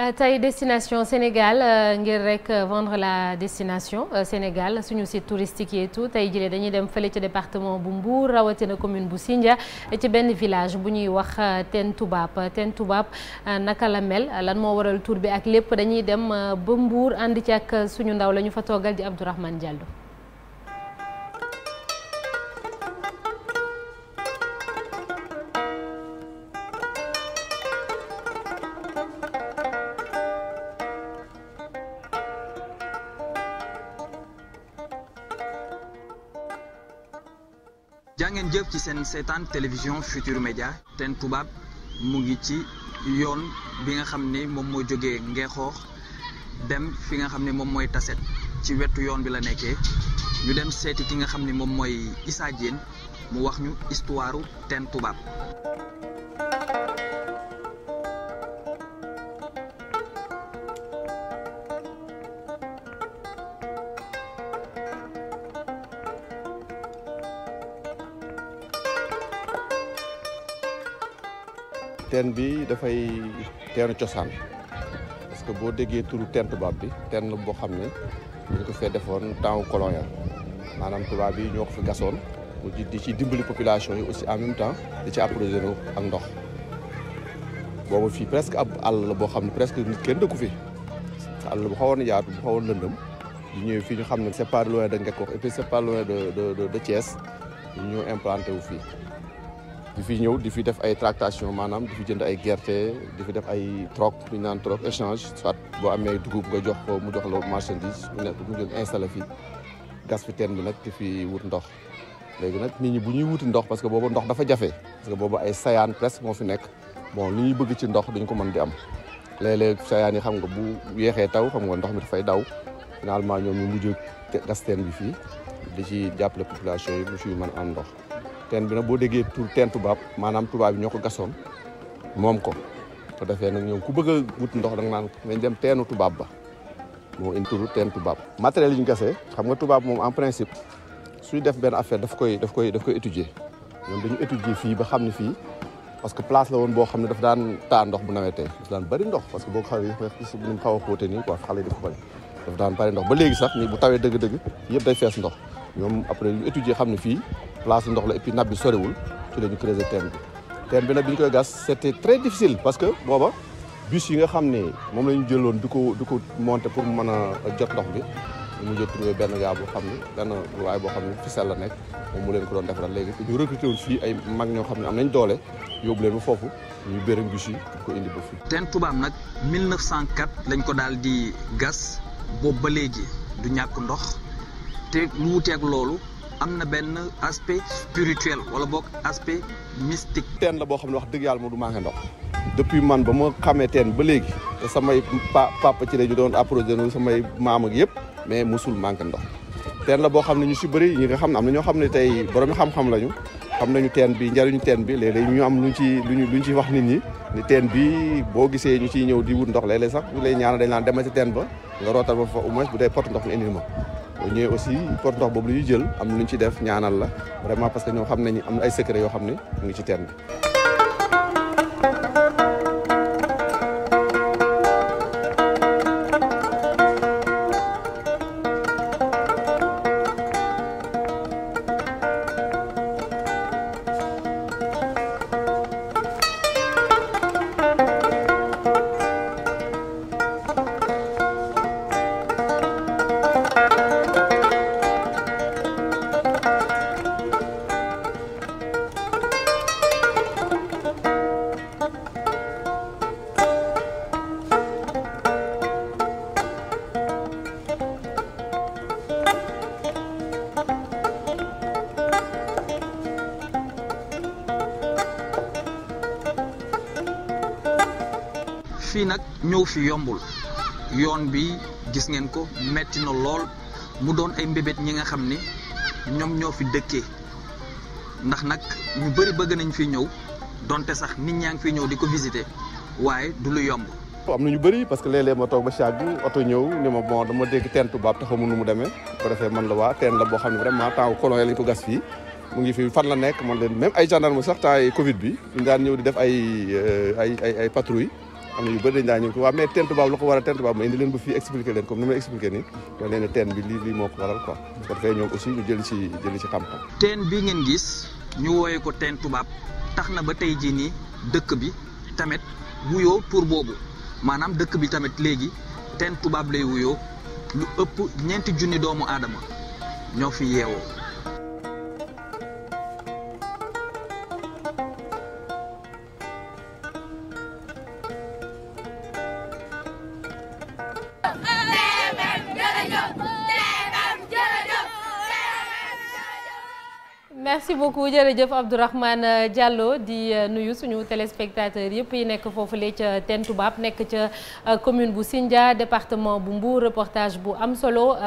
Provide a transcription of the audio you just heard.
Euh, tey destination Sénégal euh, ngir rek euh, vendre la destination Sénégal suñu site touristique yi tey jii dañuy dem fële ci département bu mbuur rawatina commune bu Sindia ci benn village bu ñuy wax Ten tubaab Ten tubaab naka la mel lan moo waral tour bi ak lépp dañuy dem ba mbuur ànd ci ak suñu ndaw la ñu fa toogal di Abdourahmane Diallo. jàngeen jëf ci seen seetaan télévision Futurs Médias teen tubaab mu ngi ci yoon bi nga xam ne moom moo jógee ngeexoox dem fi nga xam ne moom mooy taset ci wetu yoon bi la nekkee ñu dem seeti ki nga xam ne moom mooy Issa Diène mu wax ñu histoire teen tubaab teen bi dafay teenu cosaan parce que boo déggee turu teen tubaab bi teen boo xam ne ñu ko fee defoon temps colon ya maanaam tubaab yi ñoo ko fi gasoon mu ji di ci dimbali population yi aussi en même temps di ci approvisionné ak ndox boobu fii presque ab àll la boo xam ne presque nit kenn dëkku fi àll bu xawoon yaatu bu xawoon lëndëm ñu ñëw fii ñu xam ne c'est pas loin de Ngekoox et puis c'est pas loin de de de Thiès ñu implanté wu fii di fi ñëw di fi def ay tractation maanaam di fi jënd ay gerte di fi def ay troc lu ñu naan troc échange soit boo amee dugub nga jox ko mu jox loo marchandise mu nekk mu jóg fii gas bi nag di fi wut ndox léegi nag nit ñi bu ñuy wuti ndox parce que boobu ndox dafa jafe parce que boobu ay sayaan presque moo fi nekk bon li ñuy bëgg ci ndox duñ ko mën di am léeg-léeg sayaan yi xam nga bu yeexee taw xam nga ndox mi dafay daw finalement ñoom ñu mujj gas teen bi fii di ci jàppale population yi bu ci mën am ndox teen bi nag boo déggee tur teen tubaab maanaam tubaab yi ñoo ko gasoon moom ko ko defee nag ñoom ku bëgg wut ndox da nga naan nañ dem teenu tubaab ba moo indi turu teen tubaab matériel yi ñu gasee xam nga tubaab moom en principe suy def benn affaire daf koy daf koy daf koy étudier ñoom dañu étudier fii ba xam ni fii parce que place la woon boo xam ne daf daan taa ndox bu nawetee daf daan bëri ndox parce que boo ko xawee ni a ko bëri daf daan ndox ba léegi sax ni bu tawee dëgg-dëgg yëpp day fees ndox ñoom après ñu étudier xam ne fii place ndox la et puis bi soriwul ci la ñu creuser teen bi teen bi nag bi ñu koy gas c'était très difficile parce que booba bus yi nga xam ne moom la ñu jëloon di ko di ko monter pour mën a jot ndox bi ñu mujjee trouvé benn gaa boo xam ne benn waay boo xam ne Fissel la nekk moom mu leen ko doon defaral léegi ñu recruté woon fii ay mag ñoo xam ne am nañ doole yóbbu leen ba foofu ñu béréb bus yi ko indi ba fii. teen tubaab nag 1904 lañ ko daal di gas boobu ba léegi du ñàkk ndox. te lu wuteeg loolu am na benn aspect spirituel wala boo aspect mystique. teen la boo xam ne wax dëgg yàlla moo du maa ngi ndox depuis man ba ma xamee teen ba léegi te samay pa papa ci la ñu doon approché samay maam ak yëpp mais mosul manque ndox teen la boo xam ne ñu si bëri ñi nga xam ne am na ñoo xam ne tey borom xam-xam lañu xam nañu teen bi njariñu teen bi léeg-léeg ñu am luñ ci luñ luñ ci wax nit ñi ni teen bi boo gisee ñu ci ñëw di wut ndox léeg-léeg sax bu lay ñaanal dañ naan demal teen ba nga rootal ba fa au moins bu dee pot ndox nga indil ma boo ñëwee aussi pot ndox boobu lu ñuy jël am na lu ñu ci def ñaanal la vraiment parce que ñoo xam nañu am ay secret yoo xam ne mu ngi ci teen fii nag ñëw fi yombul yoon bi gis ngeen ko metti na lool mu doon ay mbébét ñi nga xam ni ñoom ñoo fi dëkke ndax nag ñu bëri bëgg nañ fi ñëw donte sax nit ñaa ngi fi ñëw di ko visiter waaye du lu yomb. am na ñu bëri parce que léeg-léeg ma toog ba saag bi oto ñëw ni ma bon dama dégg teen tubaab te mun nu mu demee bu defee man la waa teen la boo xam ne vraiment temps colon yi lañ ko gas fii mu ngi fi fan la nekk man leen même ay gendarme sax temps Covid bi ñu ñëw di def ay euh, ay ay ay patrouille am na ñu bëri dañ daa ñëw ko waaw mais tent boobu la ko war a tent boobu ma indi leen ba fii expliqué leen comme ni ma expliqué nii wax leen teen bi lii lii moo ko waral quoi su ko defee ñoom aussi ñu jël ci jël ci xam-xam teen bi ngeen gis ñu wooyee ko teen tubaab tax na ba tey jii nii dëkk bi tamit wuyoo pour boobu maanaam dëkk bi tamit léegi teen tubaab lay wuyoo lu ëpp ñeenti junni doomu aadama ñoo fi yeewoo merci beaucoup jërëjëf Abdourahmane euh, Diallo di euh, nuyu suñu téléspectateurs yëpp yi nekk foofu foofulee ca Tentouba nekk ca euh, commune bu Sindia département bu Mbour reportage bu am solo.